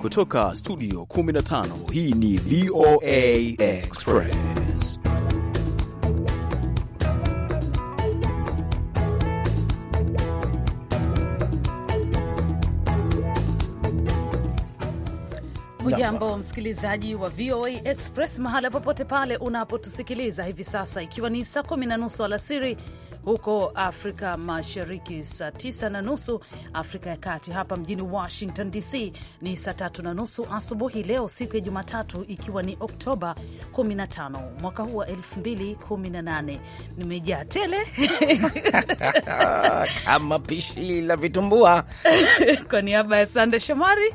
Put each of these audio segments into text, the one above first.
Kutoka studio 15 hii ni VOA Express. Hujambo msikilizaji wa VOA Express mahala popote pale unapotusikiliza hivi sasa, ikiwa ni saa kumi na nusu alasiri huko Afrika Mashariki, saa tisa na nusu Afrika ya Kati. Hapa mjini Washington DC ni saa tatu na nusu asubuhi, leo siku ya Jumatatu, ikiwa ni Oktoba 15 mwaka huu wa 2018. Nimejaa tele kama pishi la vitumbua. Kwa niaba ya Sande Shomari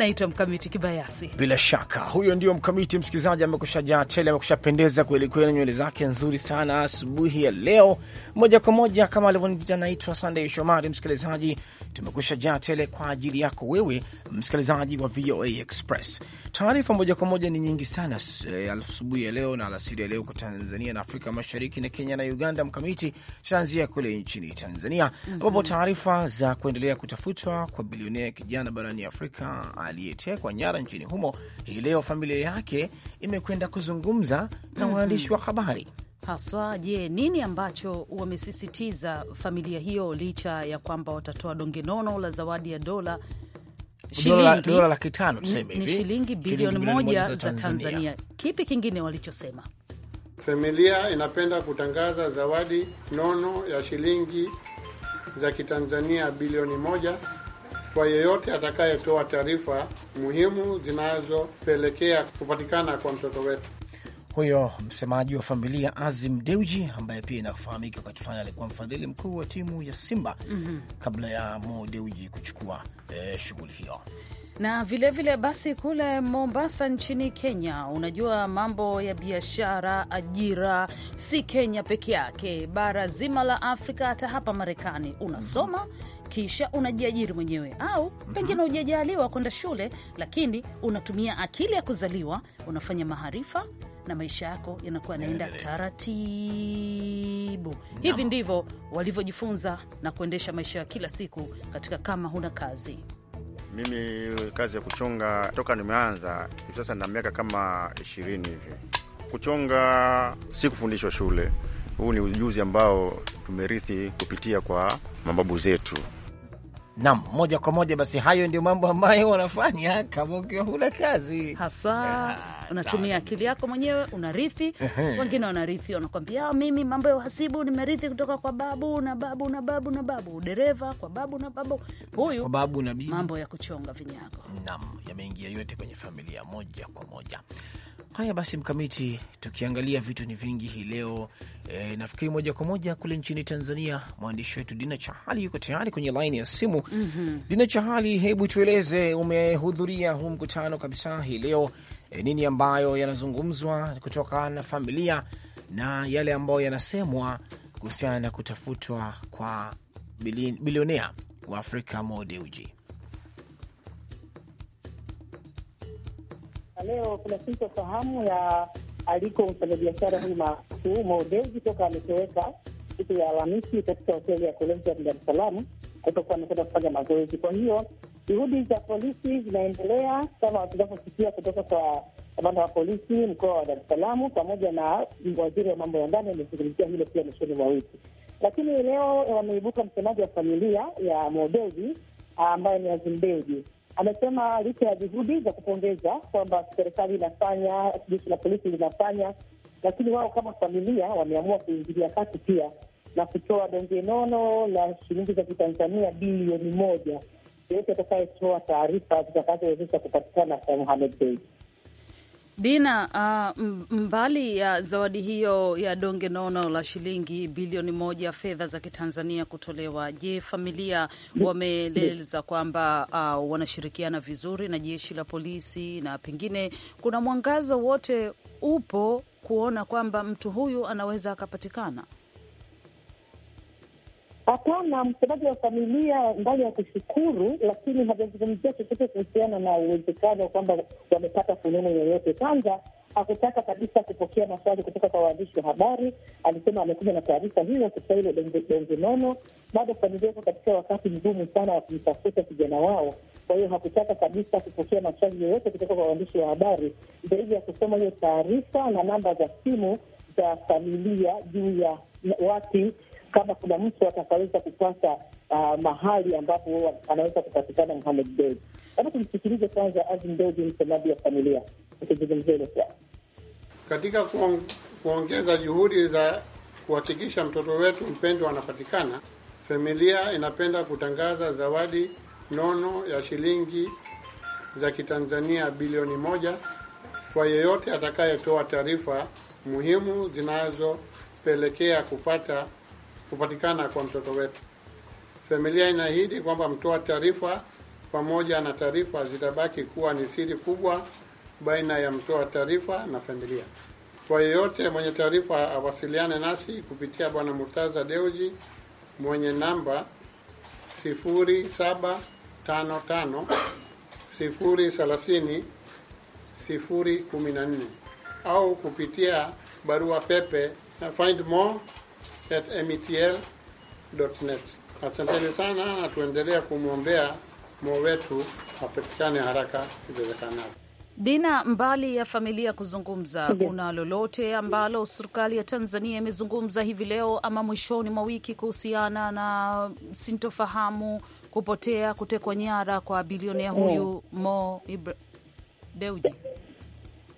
naitwa Mkamiti Kibayasi. Bila shaka huyo ndio Mkamiti msikilizaji, amekushajaa tele, amekushapendeza kwelikweli, nywele zake nzuri sana asubuhi ya leo. Moja kwa moja kama alivyonita, naitwa Sandey Shomari. Msikilizaji, tumekusha jaa tele kwa ajili yako wewe msikilizaji wa VOA Express. Taarifa moja kwa moja ni nyingi sana eh, asubuhi ya leo na alasiri ya leo kwa Tanzania na Afrika Mashariki na Kenya na Uganda. Mkamiti, tutaanzia kule nchini Tanzania ambapo mm -hmm. taarifa za kuendelea kutafutwa kwa bilionea kijana barani Afrika aliyetekwa nyara nchini humo, hii leo familia yake imekwenda kuzungumza na mhm. waandishi wa habari haswa. Je, nini ambacho wamesisitiza familia hiyo, licha ya kwamba watatoa donge nono la zawadi ya dola dola laki tano tuseme hivi, ni shilingi bilioni moja za Tanzania. Tanzania, kipi kingine walichosema? Familia inapenda kutangaza zawadi nono ya shilingi za kitanzania bilioni moja kwa yeyote atakayetoa taarifa muhimu zinazopelekea kupatikana kwa mtoto wetu. Huyo msemaji wa familia Azim Deuji, ambaye pia inafahamika wakati fulani alikuwa mfadhili mkuu wa timu ya Simba mm -hmm. kabla ya Mo Deuji kuchukua eh, shughuli hiyo na vilevile vile basi, kule Mombasa nchini Kenya, unajua mambo ya biashara, ajira, si Kenya peke yake, bara zima la Afrika, hata hapa Marekani unasoma mhm kisha unajiajiri mwenyewe, au pengine mhm. hujajaliwa kwenda shule, lakini unatumia akili ya kuzaliwa, unafanya maharifa na maisha yako yanakuwa yanaenda taratibu. Hivi ndivyo walivyojifunza na kuendesha maisha ya kila siku katika kama huna kazi. Mimi kazi ya kuchonga toka nimeanza hivi sasa na miaka kama ishirini hivi. Kuchonga si kufundishwa shule, huu ni ujuzi ambao tumerithi kupitia kwa mababu zetu. Nam, moja kwa moja basi, hayo ndio mambo ambayo wanafanya kama ukiwa huna kazi hasa yeah, unatumia akili yako mwenyewe, unarithi wengine wanarithi, wanakwambia ah, mimi mambo ya uhasibu nimerithi kutoka kwa babu na babu na babu na babu, udereva kwa babu na babu huyu, kwa babu na bibi, mambo ya kuchonga vinyago. Nam, yameingia yote kwenye familia moja kwa moja. Haya basi, Mkamiti, tukiangalia vitu ni vingi hii leo E, nafikiri moja kwa moja kule nchini Tanzania, mwandishi wetu Dina Chahali yuko tayari kwenye laini ya simu. mm -hmm. Dina Chahali, hebu tueleze, umehudhuria huu mkutano kabisa hii leo e, nini ambayo yanazungumzwa kutoka na familia na yale ambayo yanasemwa kuhusiana na kutafutwa kwa bilionea wa Afrika Mo Dewji? Leo kuna sintofahamu ya aliko mfanyabiashara huyu maarufu Mo Dewji toka ametoweka siku ya Alhamisi katika hoteli ya Koleza Dar es Salaam kutokuwa amekwenda kufanya mazoezi. Kwa hiyo juhudi za polisi zinaendelea kama tunavyosikia kutoka kwa kamanda wa polisi mkoa wa Dar es Salaam pamoja na waziri wa mambo ya ndani amezungumzia hilo pia mwishoni mwa wiki, lakini leo wameibuka msemaji wa familia ya Mo Dewji ambaye ni Azimbeji Amesema licha ya juhudi za kupongeza kwamba serikali inafanya, jeshi la polisi linafanya, lakini wao kama familia wameamua kuingilia kati pia na kutoa donge nono la shilingi za kitanzania bilioni moja. Yeyote atakayetoa taarifa zitakazowezesha kupatikana kwa Mohamed Dei. Dina, uh, mbali ya zawadi hiyo ya donge nono la shilingi bilioni moja fedha za Kitanzania kutolewa, je, familia wameeleza kwamba uh, wanashirikiana vizuri na jeshi la polisi na pengine kuna mwangazo wote upo kuona kwamba mtu huyu anaweza akapatikana? Hapana, msemaji wa familia mbali ya kushukuru, lakini hajazungumzia chochote kuhusiana na uwezekano kwamba wamepata fununu yoyote. Kwanza hakutaka kabisa kupokea maswali kutoka kwa waandishi wa habari. Alisema amekuja na taarifa hiyo ya donge nono Bado familia iko katika wakati mgumu sana wa kumtafuta kijana wao, kwa hiyo hakutaka kabisa kupokea maswali yoyote kutoka kwa waandishi wa habari zaidi ya kusoma hiyo taarifa na namba za simu za familia juu ya wapi kama kuna mtu atakaweza kupata uh, mahali ambapo anaweza kupatikana Mohamed Dewji. Labda tumsikilize kwanza Azim Dewji, msemaji wa familia, ukizungumzia hilo swala katika kuongeza juhudi za kuhakikisha mtoto wetu mpendwa anapatikana. Familia inapenda kutangaza zawadi nono ya shilingi za Kitanzania bilioni moja kwa yeyote atakayetoa taarifa muhimu zinazopelekea kupata kupatikana kwa mtoto wetu. Familia inaahidi kwamba mtoa taarifa pamoja na taarifa zitabaki kuwa ni siri kubwa baina ya mtoa taarifa na familia. Kwa yeyote mwenye taarifa awasiliane nasi kupitia Bwana Murtaza Deuji mwenye namba 0755 au kupitia barua pepe find more at metl.net. Asanteni sana na tuendelea kumwombea mo wetu apatikane haraka iwezekanavyo. Dina, mbali ya familia kuzungumza, kuna lolote ambalo serikali ya Tanzania imezungumza hivi leo ama mwishoni mwa wiki kuhusiana na sintofahamu, kupotea, kutekwa nyara kwa bilionea huyu mm. Mo deuji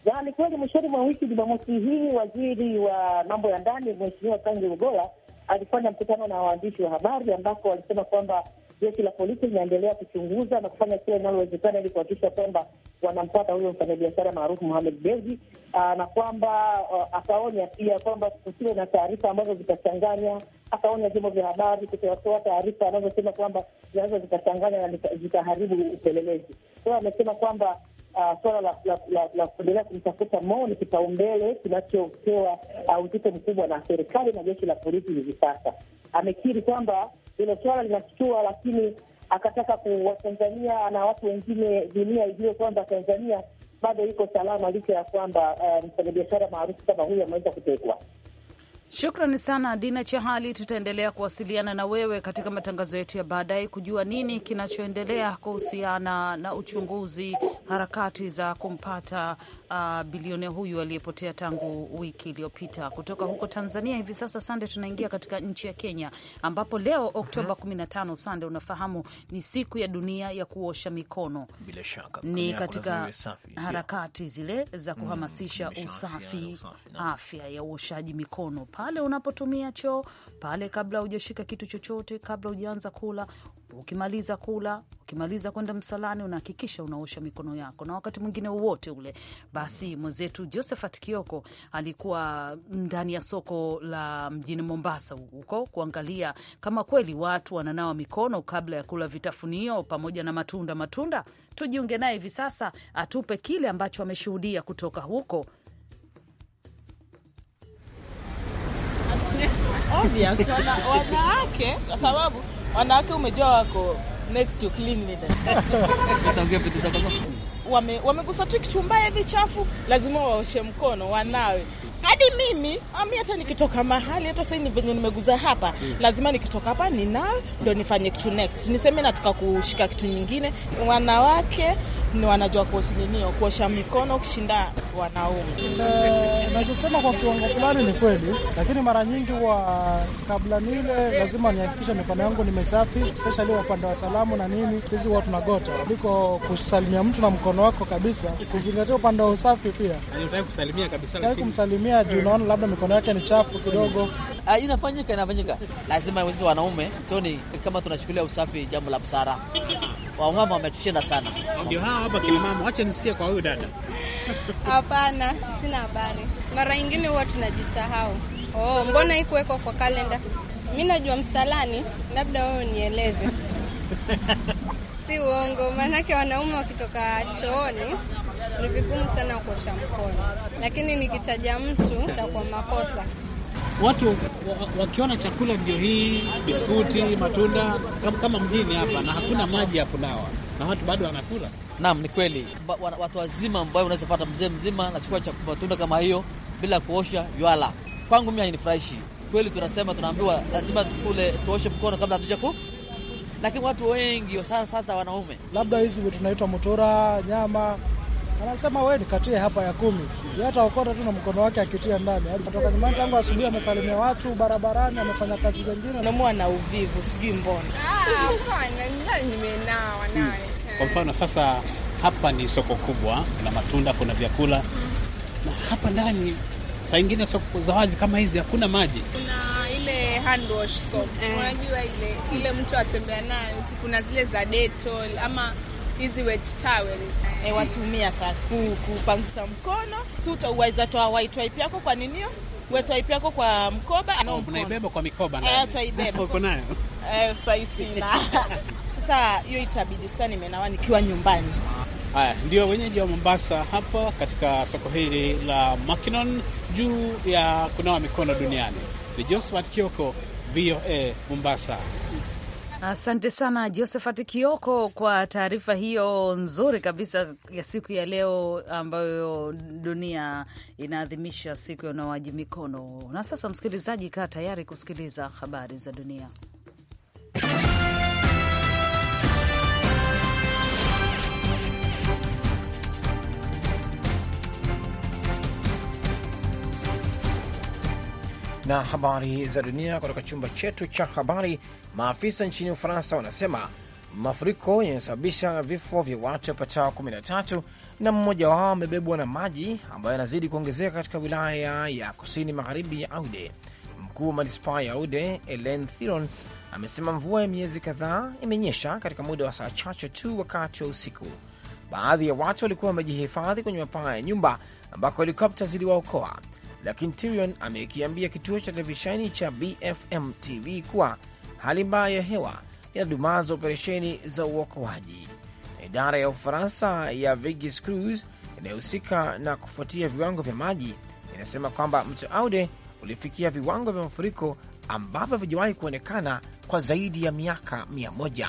na ni kweli mwishoni mwa wiki Jumamosi hii waziri wa mambo ya ndani Mheshimiwa Kangi Ugola alifanya mkutano na waandishi wa habari, ambako walisema kwamba jeshi la polisi linaendelea kuchunguza na kufanya kila linalowezekana ili kuhakikisha kwamba wanampata huyo mfanyabiashara maarufu Mohamed Dewji, ah, na kwamba akaonya ah, pia kwamba kusiwe na taarifa ambazo zitachanganya. Akaonya vyombo vya habari kutoatoa taarifa anazosema kwamba zinaweza zikachanganya na zikaharibu upelelezi. Kwa hiyo amesema kwamba Uh, ah, suala la, la, la, la kuendelea kumtafuta Mo ni kipaumbele kinachopewa uzito uh, mkubwa na serikali na jeshi la polisi hivi sasa. Amekiri kwamba hilo swala linashtua, lakini akataka kuwatanzania na watu wengine, dunia ijue kwamba Tanzania bado iko salama licha ya kwamba eh, mfanyabiashara um, maarufu kama huyu ameweza kutekwa. Shukrani sana Dina Chahali. Tutaendelea kuwasiliana na wewe katika matangazo yetu ya baadaye kujua nini kinachoendelea kuhusiana na uchunguzi, harakati za kumpata uh, bilionea huyu aliyepotea tangu wiki iliyopita. Kutoka huko Tanzania hivi sasa, Sande, tunaingia katika nchi ya Kenya ambapo leo Oktoba 15, mhm. Sande, unafahamu ni siku ya dunia ya kuosha mikono. Bila shaka ni katika harakati zile za mm, kuhamasisha mm, usafi, usafi, afya ya uoshaji mikono pa pale unapotumia choo pale, kabla hujashika kitu chochote, kabla hujaanza kula, ukimaliza kula, ukimaliza kwenda msalani, unahakikisha unaosha mikono yako, na wakati mwingine wowote ule. Basi mwenzetu Josephat Kioko alikuwa ndani ya soko la mjini Mombasa huko kuangalia kama kweli watu wananawa mikono kabla ya kula vitafunio pamoja na matunda. Matunda tujiunge naye hivi sasa, atupe kile ambacho ameshuhudia kutoka huko. obvious wanawake, kwa sababu wanawake umejua wako next to cleanliness wame, wamegusa tu kichumbaa vichafu lazima waoshe mkono, wanawe hadi mimi ami, hata nikitoka mahali hata sahii ni venye nimeguza hapa, mm. lazima nikitoka hapa nina ndo nifanye kitu next, niseme nataka kushika kitu nyingine. Wanawake ni wanajua kuosha ninio, kuosha mikono kushinda wanaume. Eh, nachosema kwa kiwango fulani ni kweli, lakini mara nyingi wa kabla nile lazima nihakikisha mikono yangu ni mesafi speshali upande wa salamu na nini, hizi huwa tunagota kuliko kusalimia mtu na mkono wako kabisa, kuzingatia upande wa usafi pia. Sitaki kumsalimia anafanya juu naona labda mikono yake ni chafu kidogo. Ah, inafanyika inafanyika, lazima wezi wanaume sioni kama tunashughulia usafi jambo la busara. Wamama wametushinda sana. Ndio hawa hapa kina mama, acha nisikie kwa huyu dada. Hapana, sina habari. Mara nyingine huwa tunajisahau. Oh, mbona hii kuwekwa kwa kalenda? Mi najua msalani, labda wewe unieleze. Si uongo, maanake wanaume wakitoka chooni ni vigumu sana kuosha mkono, lakini nikitaja mtu itakuwa makosa. Watu wakiona chakula ndio hii biskuti, matunda kama mjini hapa, na hakuna maji ya kunawa na watu bado wanakula. Naam, ni kweli, watu wazima ambao unaweza pata mzee mzima anachukua matunda kama hiyo bila kuosha ywala. Kwangu mimi hainifurahishi kweli. Tunasema tunaambiwa lazima tukule, tuoshe mkono kabla hatuja ku lakini watu wengi sasa sasa wanaume labda hizi tunaitwa motora nyama anasema wewe nikatie hapa ya kumi, ukota tu na mkono wake akitia ndani. Alitoka nyumbani tangu asubuhi amesalimia watu barabarani, amefanya kazi zingine. Namua na uvivu, sijui mbona. Ah, hmm. Kwa mfano sasa, hapa ni soko kubwa, kuna matunda, kuna vyakula na hapa ndani saa ingine soko za wazi kama hizi hakuna maji. Kuna ile hand wash soap, hmm. unajua ile ile mtu atembea nayo, kuna zile za Dettol ama hizi wet towels e, eh, watumia sasa ku, kupangisa mkono, si utaweza toa white wipe yako kwa ninio wet wipe yako kwa mkoba, unaibeba kwa mikoba eh, ndio nayo, twaibeba uko nayo eh, sina Sasa hiyo itabidi sana nimenawa nikiwa nyumbani. Haya, ndio wenyeji wa Mombasa hapa katika soko hili la Makinon juu ya kunawa mikono duniani. Ni Josephat Kioko, VOA Mombasa. Asante sana Josephat Kioko kwa taarifa hiyo nzuri kabisa ya siku ya leo ambayo dunia inaadhimisha siku ya unawaji mikono. Na sasa, msikilizaji, kaa tayari kusikiliza habari za dunia. na habari za dunia kutoka chumba chetu cha habari. Maafisa nchini Ufaransa wanasema mafuriko yanayosababisha vifo vya watu wapatao 13 na mmoja wao amebebwa na maji ambayo yanazidi kuongezeka katika wilaya ya kusini magharibi ya Aude. Mkuu wa manispaa ya Aude, Elen Thiron, amesema mvua ya miezi kadhaa imenyesha katika muda wa saa chache tu wakati wa usiku. Baadhi ya watu walikuwa wamejihifadhi kwenye mapaa ya nyumba ambako helikopta ziliwaokoa lakini Tyrion amekiambia kituo cha televisheni cha BFM TV kuwa hali mbaya ya hewa inadumaza operesheni za uokoaji. Idara ya Ufaransa ya Vigis Cruise inayohusika na kufuatia viwango vya maji inasema kwamba mto Aude ulifikia viwango vya mafuriko ambavyo havijawahi kuonekana kwa zaidi ya miaka mia moja.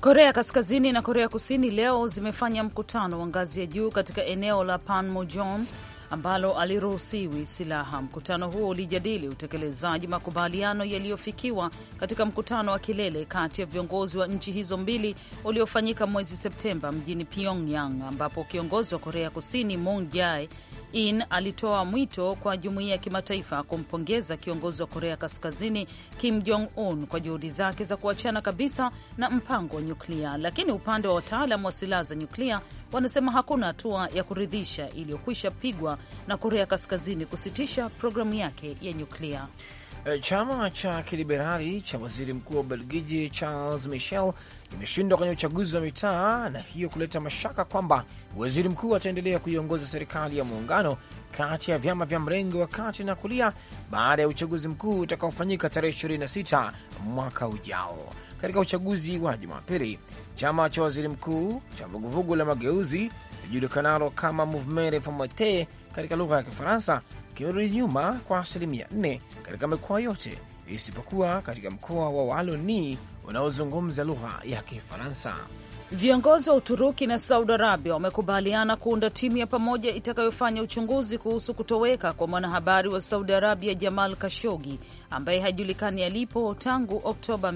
Korea Kaskazini na Korea Kusini leo zimefanya mkutano wa ngazi ya juu katika eneo la Panmunjom ambalo aliruhusiwi silaha. Mkutano huo ulijadili utekelezaji makubaliano yaliyofikiwa katika mkutano wa kilele kati ya viongozi wa nchi hizo mbili uliofanyika mwezi Septemba mjini Pyongyang, ambapo kiongozi wa Korea Kusini Moon Jae in alitoa mwito kwa jumuiya ya kimataifa kumpongeza kiongozi wa Korea Kaskazini Kim Jong Un kwa juhudi zake za kuachana kabisa na mpango wa nyuklia, lakini upande wa wataalam wa silaha za nyuklia wanasema hakuna hatua ya kuridhisha iliyokwisha pigwa na Korea Kaskazini kusitisha programu yake ya nyuklia. Eh, chama cha kiliberali cha waziri mkuu wa Ubelgiji Charles Michel kimeshindwa kwenye uchaguzi wa mitaa na hiyo kuleta mashaka kwamba waziri mkuu ataendelea kuiongoza serikali ya muungano kati ya vyama vya mrengo wa kati na kulia baada ya uchaguzi mkuu utakaofanyika tarehe 26 mwaka ujao katika uchaguzi wa Jumapili. Chama cha waziri mkuu cha vuguvugu la mageuzi lijulikanalo kama Mouvement Reformateur katika lugha ya Kifaransa kimerudi nyuma kwa asilimia 4 katika mikoa yote isipokuwa katika mkoa wa Waloni unaozungumza lugha ya Kifaransa. Viongozi wa Uturuki na Saudi Arabia wamekubaliana kuunda timu ya pamoja itakayofanya uchunguzi kuhusu kutoweka kwa mwanahabari wa Saudi Arabia Jamal Kashogi ambaye hajulikani alipo tangu Oktoba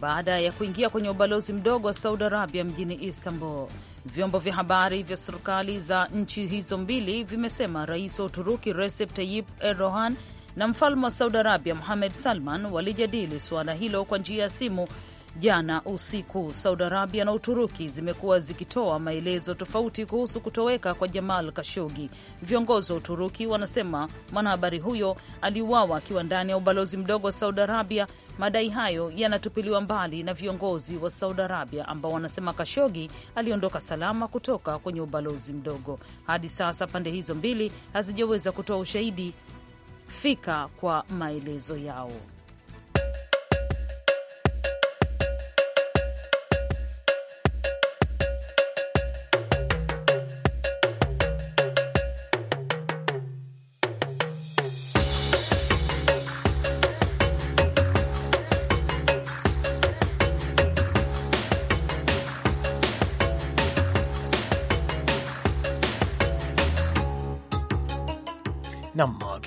baada ya kuingia kwenye ubalozi mdogo wa Saudi Arabia mjini Istanbul. Vyombo vya habari vya serikali za nchi hizo mbili vimesema rais wa Uturuki Recep Tayyip Erdogan na mfalme wa Saudi Arabia Mohamed Salman walijadili suala hilo kwa njia ya simu jana usiku. Saudi Arabia na Uturuki zimekuwa zikitoa maelezo tofauti kuhusu kutoweka kwa Jamal Kashogi. Viongozi wa Uturuki wanasema mwanahabari huyo aliuawa akiwa ndani ya ubalozi mdogo wa Saudi Arabia. Madai hayo yanatupiliwa mbali na viongozi wa Saudi Arabia ambao wanasema Kashogi aliondoka salama kutoka kwenye ubalozi mdogo. Hadi sasa pande hizo mbili hazijaweza kutoa ushahidi fika kwa maelezo yao.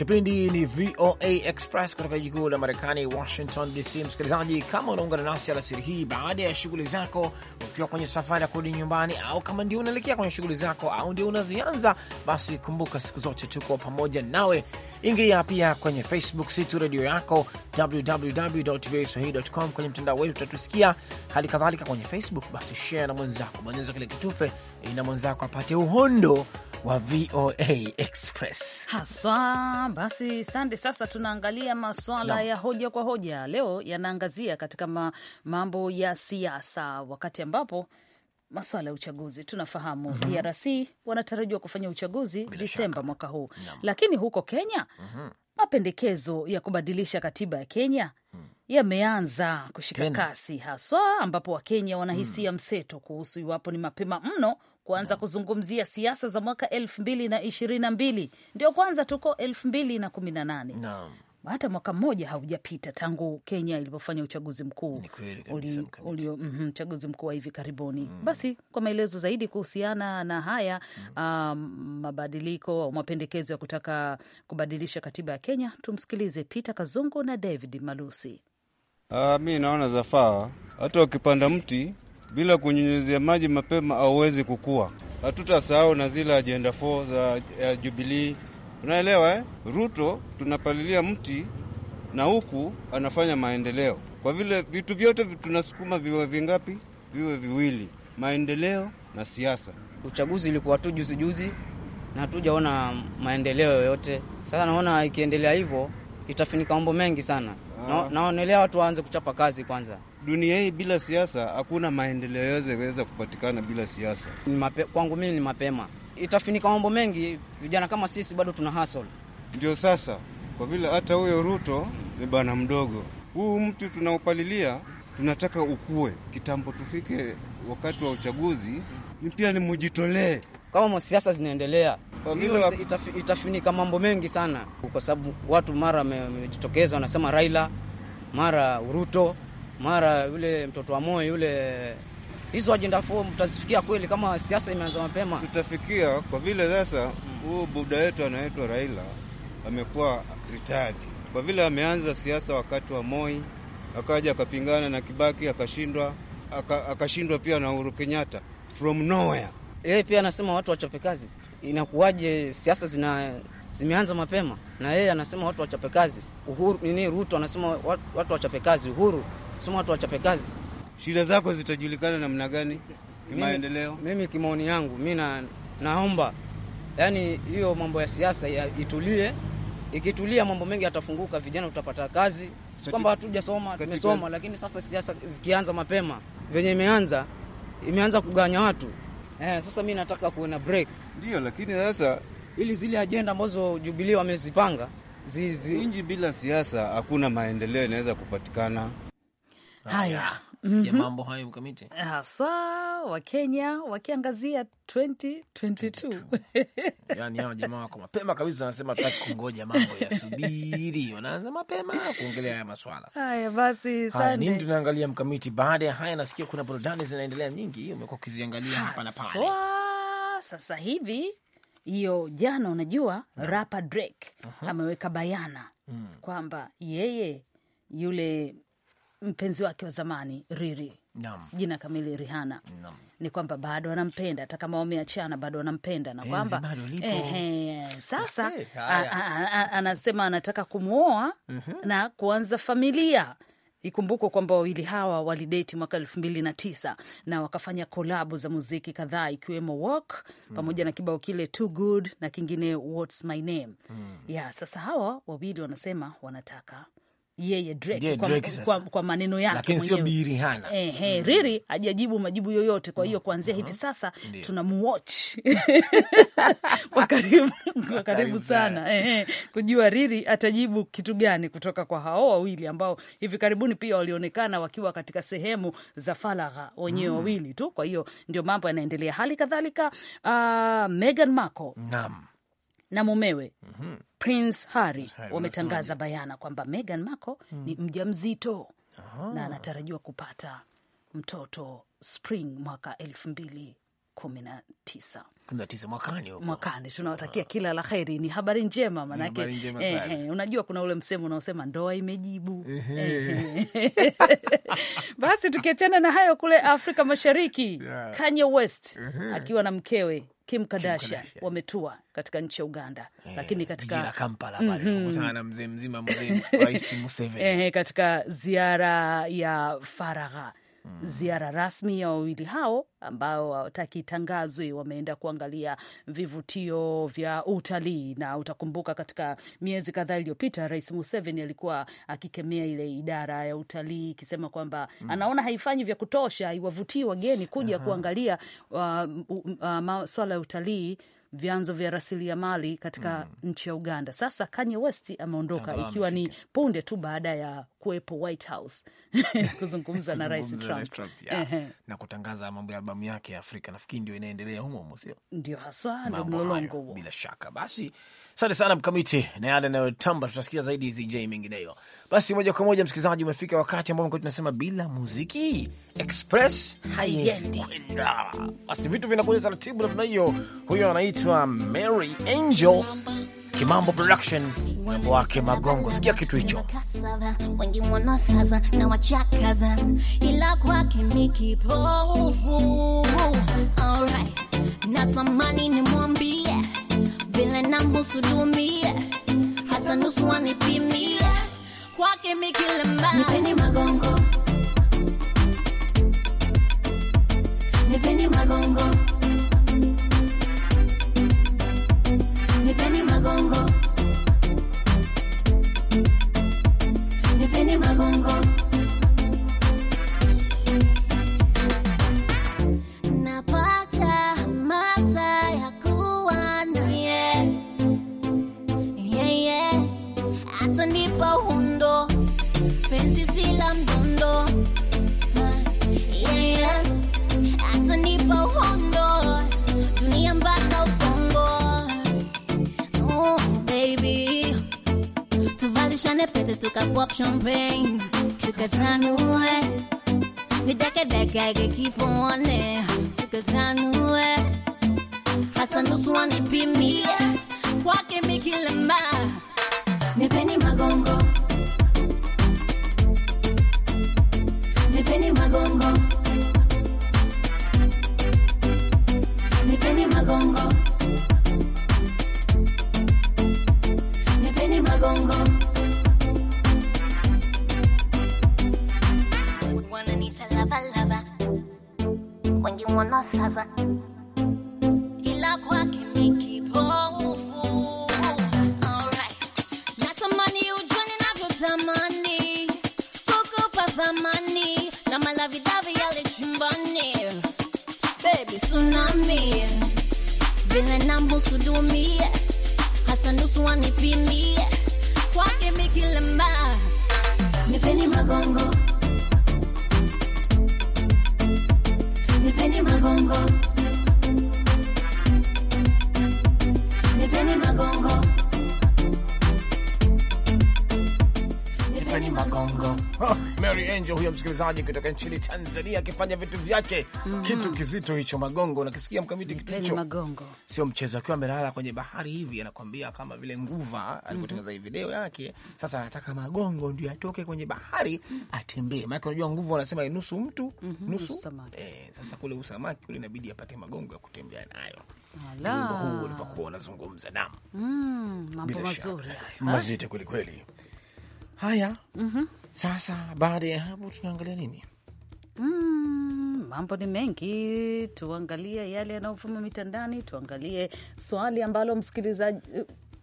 Kipindi ni VOA Express kutoka jiji kuu la Marekani, Washington DC. Msikilizaji, kama unaungana nasi alasiri hii baada ya shughuli zako, ukiwa kwenye safari ya kurudi nyumbani, au kama ndio unaelekea kwenye shughuli zako au ndio unazianza, basi kumbuka, siku zote tuko pamoja nawe. Ingia pia kwenye Facebook situ redio yako www.voaswahili.com, kwenye mtandao wetu utatusikia hali kadhalika kwenye Facebook. Basi share na mwenzako, bonyeza kile kitufe ina mwenzako apate uhondo wa VOA Express haswa. Basi sande. Sasa tunaangalia maswala no. ya hoja kwa hoja, leo yanaangazia katika ma, mambo ya siasa, wakati ambapo maswala ya uchaguzi tunafahamu, mm -hmm. DRC wanatarajiwa kufanya uchaguzi Disemba mwaka huu no. lakini huko Kenya mm -hmm. mapendekezo ya kubadilisha katiba ya Kenya mm yameanza kushika kasi haswa ambapo Wakenya wanahisia mm. mseto kuhusu iwapo ni mapema mno kuanza kuzungumzia siasa za mwaka elfu mbili na ishirini na mbili ndio kwanza tuko elfu mbili na kumi na nane hata mwaka mmoja haujapita tangu Kenya ilipofanya uchaguzi mkuu ulio mhm, uchaguzi mkuu wa hivi karibuni. Mm. Basi kwa maelezo zaidi kuhusiana na haya mm. um, mabadiliko au mapendekezo ya kutaka kubadilisha katiba ya Kenya, tumsikilize Peter Kazungu na David Malusi. Uh, mi naona zafaa hata wakipanda mti bila kunyunyizia maji mapema hauwezi kukua. Hatutasahau na zile ajenda 4 za ya Jubilii, unaelewa eh? Ruto tunapalilia mti na huku anafanya maendeleo, kwa vile vitu vyote tunasukuma viwe vingapi? Viwe viwili, maendeleo na siasa. Uchaguzi ulikuwa tu juzi juzi na hatujaona maendeleo yoyote. Sasa naona ikiendelea hivyo itafinika mambo mengi sana. Ah. Naonelea watu waanze kuchapa kazi kwanza. Dunia hii bila siasa hakuna maendeleo yaweza kupatikana bila siasa. Kwangu mimi ni mapema, itafinika mambo mengi. Vijana kama sisi bado tuna hustle. Ndio sasa, kwa vile hata huyo Ruto ni bwana mdogo, huu mtu tunaopalilia tunataka ukue kitambo, tufike wakati wa uchaguzi ni pia ni mujitolee kama siasa zinaendelea hiyo itafinika mambo mengi sana, kwa sababu watu mara wamejitokeza wanasema Raila, mara Ruto mara yule mtoto wa Moi yule. Hizo ajenda fomu mtazifikia kweli kama siasa imeanza mapema? Tutafikia kwa vile sasa huyu hmm, buda yetu anaitwa Raila amekuwa ritadi kwa vile ameanza siasa wakati wa Moi, akaja akapingana na Kibaki akashindwa, akashindwa pia na Uhuru Kenyatta from nowhere. Yeye pia anasema watu wachape kazi. Inakuwaje siasa zina zimeanza mapema? Na yeye anasema watu wachape kazi. Uhuru nini, Ruto anasema watu wachape kazi. Uhuru sema watu wachape kazi. Shida zako zitajulikana namna gani kimaendeleo? Mimi, mimi kimaoni yangu mi na, naomba yani hiyo mambo ya siasa ya, itulie. Ikitulia mambo mengi yatafunguka, vijana tutapata kazi. Si kwamba hatujasoma, tumesoma, lakini sasa siasa zikianza mapema venye imeanza imeanza kuganya watu eh. Sasa mi nataka kuona break, ndio lakini sasa ili zile ajenda ambazo Jubilii wamezipanga zizi. Nchi bila siasa hakuna maendeleo inaweza kupatikana. Haya, sikia mhm. mambo hayo mkamiti haswa Wakenya wakiangazia 2022 yani, hawa jamaa wako mapema kabisa, wanasema tutaki kungoja mambo yasubiri, wanaanza mapema kuongelea haya maswala haya. Basi sasa nini tunaangalia mkamiti? Baada ya haya, nasikia kuna burudani zinaendelea nyingi, umekuwa ukiziangalia hapa na pale. Sasa hivi hiyo jana, unajua rapa Drake mhm. ameweka bayana mm, kwamba yeye yule mpenzi wake wa zamani Riri Jina kamili Rihana Ni kwamba bado anampenda hata kama wameachana, bado anampenda na kwamba eh, sasa anasema anataka kumwoa mm -hmm. na kuanza familia. Ikumbukwe kwamba wawili hawa walideti mwaka elfu mbili na tisa na wakafanya kolabu za muziki kadhaa ikiwemo Walk mm. pamoja na kibao kile Too Good na kingine What's My Name mm. ya sasa hawa wawili wanasema wanataka yeye Drake, yeah, Drake kwa, kwa, kwa maneno yake, lakini sio Bi Rihanna eh, mm. Riri hajajibu majibu yoyote, kwa hiyo mm. kuanzia hivi mm-hmm. sasa tunamuwatch kwa karibu kwa karibu sana eh, kujua Riri atajibu kitu gani kutoka kwa hao wawili ambao hivi karibuni pia walionekana wakiwa katika sehemu za falagha wenyewe mm. wawili tu. Kwa hiyo ndio mambo yanaendelea. Hali kadhalika uh, Meghan Markle naam na mumewe mm -hmm. Prince Harry wametangaza bayana kwamba Meghan Markle mm. ni mzito na anatarajiwa kupata mtoto spring mwaka elfu mbili kumi na tisa mwakani, mwakani. Tunawatakia ah. kila la heri, ni habari njema manake njema eh, eh, unajua kuna ule msemo unaosema ndoa imejibu Basi tukiachana na hayo kule Afrika Mashariki yeah. Kanye West akiwa na mkewe Kim Kardashian wametua katika nchi ya Uganda yeah, lakini katika Kampala mhm. mzee mzima mzee Rais Museveni katika ziara ya faragha Mm. ziara rasmi ya wawili hao ambao hawataki itangazwe, wameenda kuangalia vivutio vya utalii, na utakumbuka katika miezi kadhaa iliyopita Rais Museveni alikuwa akikemea ile idara ya utalii ikisema kwamba mm. anaona haifanyi vya kutosha, iwavutii wageni kuja Aha. kuangalia uh, uh, maswala ya utalii vyanzo vya rasilimali katika mm. nchi ya Uganda. Sasa Kanye West ameondoka ikiwa ni punde tu baada ya kuwepo White House kuzungumza na Rais Trump, Trump na kutangaza mambo ya albamu yake ya Afrika. Nafikiri ndio inaendelea humo humo, sio ndio? Haswa ndio mlolongo huo, bila shaka. Basi asante sana Mkamiti, na yale anayotamba tutasikia zaidi hizi j mengineyo. Basi moja kwa moja, msikilizaji, umefika wakati ambao tunasema bila muziki express haiendi kwenda. Basi vitu vinakuja taratibu namna hiyo. Huyo anaitwa Mary Angel Kimambo Production wake magongo, sikia kitu hicho. Wengi mwana sasa na wachakaza, ila kwake ni kipofu. Alright, natamani nimwambie vile namhusudumie, hata nusu anipimie kwake mikilemba. Nipeni magongo, nipeni magongo, nipeni magongo. bongo. msanii kutoka nchini Tanzania akifanya vitu vyake mm -hmm. Kitu kizito hicho, magongo nakisikia mkamiti, kitu hicho magongo sio mchezo. Akiwa amelala kwenye bahari hivi, anakuambia kama vile nguva alivyotengeneza mhm. hii video yake. Sasa anataka magongo ndio atoke kwenye bahari atembee, maana unajua nguvu wanasema nusu mtu mm -hmm. nusu samaki. Eh, sasa kule usamaki kule inabidi apate magongo ya kutembea nayo huu ulivyokuwa unazungumza nam mm, mambo mazuri eh? mazito kwelikweli. Haya, mm -hmm. Sasa baada ya hapo tunaangalia nini? Mm, mambo ni mengi, tuangalie yale yanayovuma mitandani, tuangalie swali ambalo msikilizaji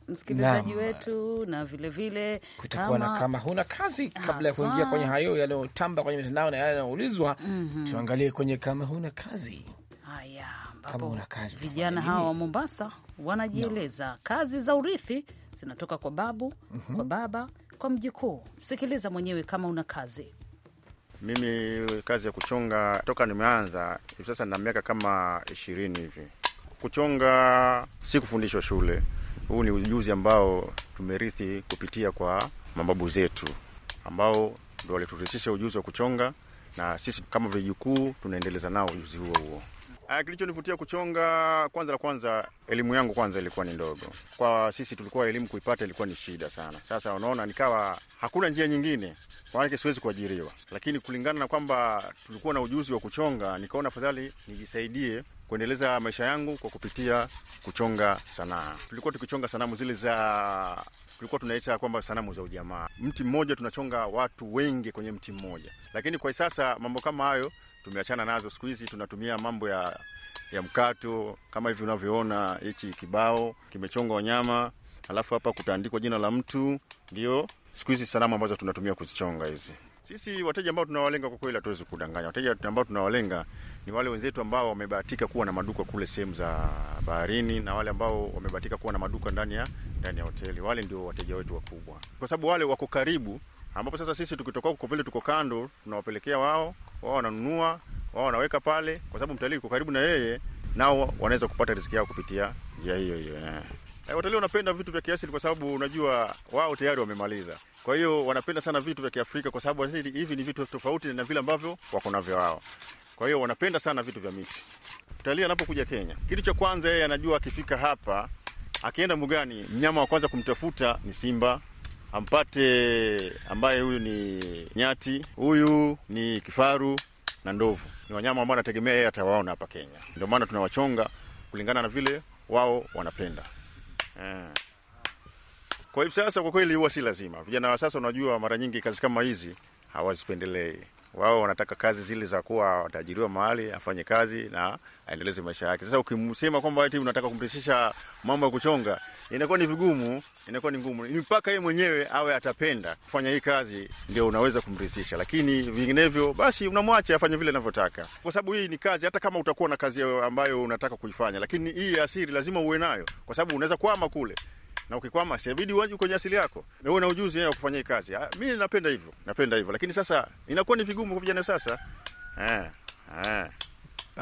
msikilizaji wetu na vilevile kutakuwa na kama huna kazi. Kabla ya kuingia kwenye hayo yanayotamba kwenye mitandao na yale yanayoulizwa, mm -hmm. tuangalie kwenye kama huna kazi. Haya, kama huna kazi, vijana hawa wa Mombasa wanajieleza no. kazi za urithi zinatoka kwa babu, mm -hmm. kwa baba kwa mjukuu. Sikiliza mwenyewe kama una kazi. Mimi kazi ya kuchonga toka nimeanza hivi sasa na miaka kama ishirini hivi. Kuchonga si kufundishwa shule, huu ni ujuzi ambao tumerithi kupitia kwa mababu zetu ambao ndo waliturithisha ujuzi wa kuchonga, na sisi kama vijukuu tunaendeleza nao ujuzi huo huo. Ah, kilichonivutia kuchonga, kwanza la kwanza, elimu yangu kwanza ilikuwa ni ndogo. Kwa sisi tulikuwa elimu kuipata ilikuwa ni shida sana. Sasa unaona, nikawa hakuna njia nyingine, maanake siwezi kuajiriwa, lakini kulingana na kwamba tulikuwa na ujuzi wa kuchonga, nikaona afadhali nijisaidie kuendeleza maisha yangu kwa kupitia kuchonga sanaa. Tulikuwa tukichonga sanamu zile za, tulikuwa tunaita kwamba sanamu za ujamaa. Mti mmoja tunachonga watu wengi kwenye mti mmoja, lakini kwa sasa mambo kama hayo tumeachana nazo. Siku hizi tunatumia mambo ya, ya mkato kama hivi unavyoona, hichi kibao kimechongwa wanyama, alafu hapa kutaandikwa jina la mtu. Ndio siku hizi sanamu ambazo tunatumia kuzichonga hizi. Sisi wateja ambao tunawalenga kwa kweli, hatuwezi kudanganya. Wateja ambao tunawalenga ni wale wenzetu ambao wamebahatika kuwa na maduka kule sehemu za baharini na wale ambao wamebahatika kuwa na maduka ndani ya ndani ya hoteli. Wale ndio wateja wetu wakubwa, kwa sababu wale wako karibu ambapo sasa sisi tukitoka huko vile tuko kando, tunawapelekea wao, wao wananunua, wao wanaweka pale, kwa sababu mtalii uko karibu na yeye, nao wanaweza kupata riziki yao kupitia njia hiyo hiyo. yeah. Eh, watalii wanapenda vitu vya kiasili kwa sababu unajua wao tayari wamemaliza. Kwa hiyo wanapenda sana vitu vya Kiafrika kwa sababu hivi ni vitu tofauti na vile ambavyo wako navyo wao. Kwa hiyo wanapenda sana vitu vya miti. Mtalii anapokuja Kenya, kitu cha kwanza yeye anajua akifika hapa, akienda mbugani, mnyama wa kwanza kumtafuta ni simba ampate ambaye huyu ni nyati, huyu ni kifaru na ndovu. Ni wanyama ambao anategemea yeye atawaona hapa Kenya, ndio maana tunawachonga kulingana na vile wao wanapenda eh. Kwa hivi sasa, kwa kweli huwa si lazima. Vijana wa sasa, unajua, mara nyingi kazi kama hizi hawazipendelei wao wanataka kazi zile za kuwa watajiriwa mahali afanye kazi na aendeleze maisha yake. Sasa ukimsema kwamba eti unataka kumrisisha mambo ya kuchonga, inakuwa ni vigumu, inakuwa ni ngumu, mpaka yeye mwenyewe awe atapenda kufanya hii kazi, ndio unaweza kumrisisha, lakini vinginevyo, basi unamwacha afanye vile anavyotaka, kwa sababu hii ni kazi. Hata kama utakuwa na kazi ambayo unataka kuifanya, lakini hii asiri lazima uwe nayo, kwa sababu unaweza kwama kule na ukikwama, si inabidi kwenye asili yako na uwe na ujuzi wa kufanya kazi. Ah, mimi napenda hivyo, napenda hivyo, lakini sasa inakuwa ni vigumu kwa vijana sasa. Eh, eh.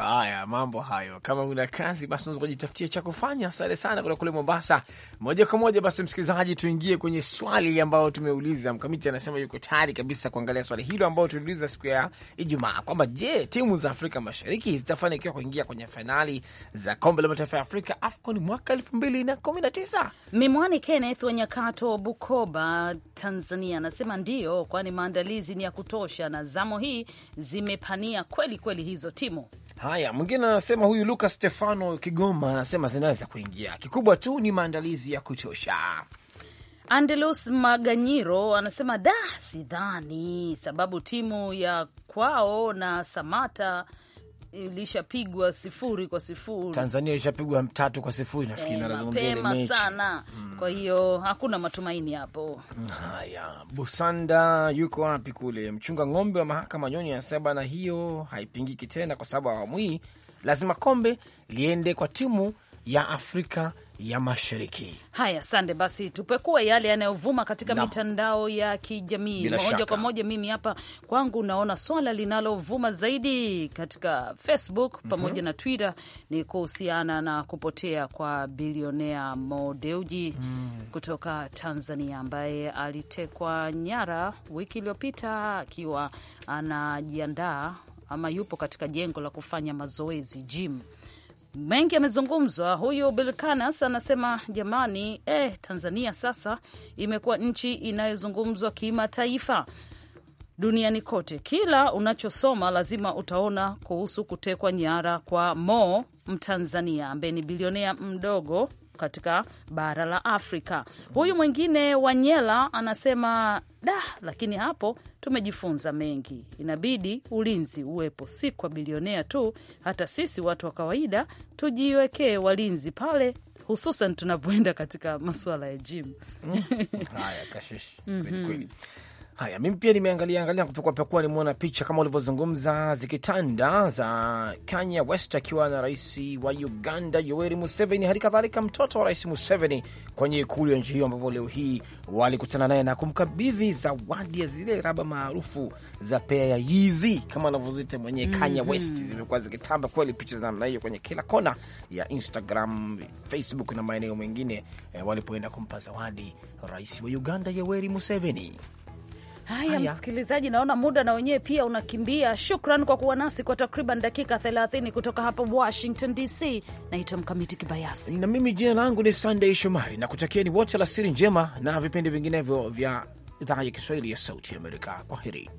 Haya, mambo hayo. Kama una kazi basi unaweza kujitafutia cha kufanya. Asante sana kutoka kule Mombasa. Moja kwa moja basi, msikilizaji, tuingie kwenye swali ambayo tumeuliza. Mkamiti anasema yuko tayari kabisa kuangalia swali hilo ambayo tuliuliza siku ya Ijumaa kwamba je, timu za Afrika Mashariki zitafanikiwa kuingia kwenye fainali za kombe la mataifa ya Afrika AFCON mwaka elfu mbili na kumi na tisa? Mimwani Kenneth wa Nyakato, Bukoba, Tanzania anasema ndiyo, kwani maandalizi ni ya kutosha na zamu hii zimepania kweli kweli hizo timu Haya, mwingine anasema huyu Luka Stefano Kigoma anasema zinaweza kuingia, kikubwa tu ni maandalizi ya kutosha. Andelus Maganyiro anasema da, sidhani sababu timu ya kwao na Samata ilishapigwa sifuri kwa sifuri. Tanzania ilishapigwa tatu kwa sifuri nafikiri, eh, nazungumzia ile mechi sana mm. Kwa hiyo hakuna matumaini hapo. Haya, Busanda yuko wapi kule? Mchunga ng'ombe wa mahakama Nyoni anasema na hiyo haipingiki tena, kwa sababu awamu hii lazima kombe liende kwa timu ya Afrika ya mashariki. Haya, sande, basi tupekue yale yanayovuma katika no. mitandao ya kijamii moja kwa moja. Mimi hapa kwangu naona swala linalovuma zaidi katika Facebook mhm. pamoja mm -hmm. na Twitter ni kuhusiana na kupotea kwa bilionea Mo Dewji mm. kutoka Tanzania ambaye alitekwa nyara wiki iliyopita akiwa anajiandaa ama yupo katika jengo la kufanya mazoezi gym mengi yamezungumzwa. Huyu Bilkanas anasema jamani, eh, Tanzania sasa imekuwa nchi inayozungumzwa kimataifa duniani kote. Kila unachosoma lazima utaona kuhusu kutekwa nyara kwa Mo Mtanzania ambaye ni bilionea mdogo katika bara la Afrika. Huyu mwingine Wanyela anasema da, lakini hapo tumejifunza mengi. Inabidi ulinzi uwepo, si kwa bilionea tu, hata sisi watu wa kawaida tujiwekee walinzi pale hususan tunapoenda katika masuala ya jimu. Mm. Haya, kashish mhm. kweli kweli. mm Haya, mimi pia nimeangalia angalia kupekua pekua, nimeona picha kama ulivyozungumza zikitanda za Kanye West akiwa na rais wa Uganda Yoweri Museveni, hali kadhalika mtoto wa rais Museveni kwenye ikulu ya nchi hiyo, ambapo leo hii walikutana naye na kumkabidhi zawadi ya zile raba maarufu za pea ya Yeezy kama anavyozita mwenye mm -hmm. Kanye West. Zimekuwa zikitamba kweli picha za namna hiyo kwenye kila kona ya Instagram, Facebook na maeneo mengine eh, walipoenda kumpa zawadi rais wa Uganda Yoweri Museveni. Haya, msikilizaji, naona muda na wenyewe pia unakimbia. Shukran kwa kuwa nasi kwa takriban dakika 30 kutoka hapa Washington DC. Naitwa Mkamiti Kibayasi na mimi jina langu ni sandey Shomari, na kutakieni wote alasiri njema na vipindi vinginevyo vya idhaa ya Kiswahili ya Sauti ya Amerika. Kwa heri.